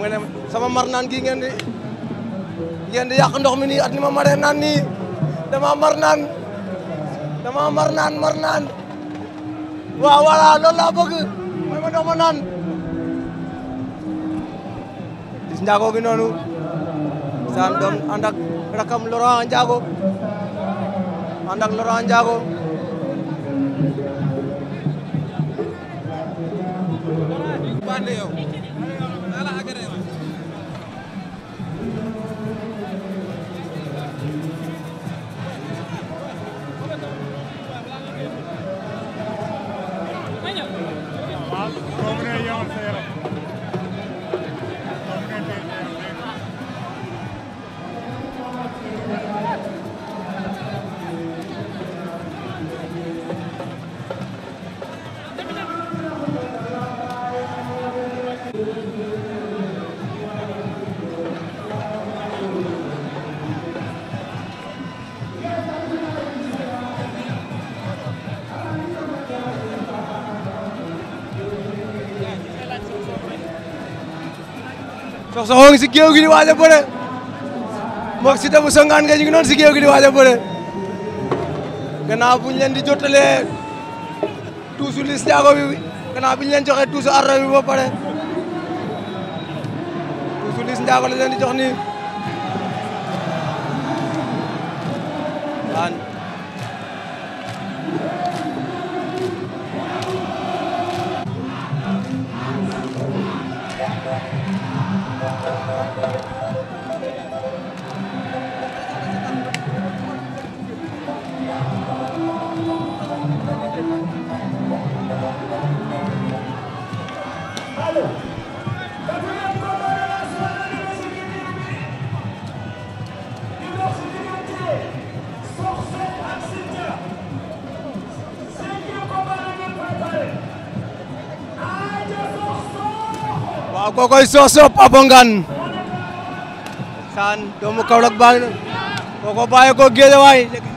xam sama mar naan gi ngeen di ngeen di yàq ndox mi nii at ni ma naan nii dama mar naan dama mar naan mar naan waaw voilà loolu laa bëgg mooy ma naan gis njaago gi noonu saan doon ànd ak rakam Laurent Njaago ànd ak Laurent sox soxoo si géew gi di waaj a bëre moog si debu songaan nga si géew gi di waaj a bëre gannaaw bu ñu leen di jottalee tuusu Liss Ndiago bi gannaaw bi ñu leen joxee tuusu ardo bi ba tuusu Liss Ndiago la leen di jox nii kokoy Sossokh Papa Ngane saan doomu Kaolack baa ngi noonu koko bàyyi ko Guédiawaye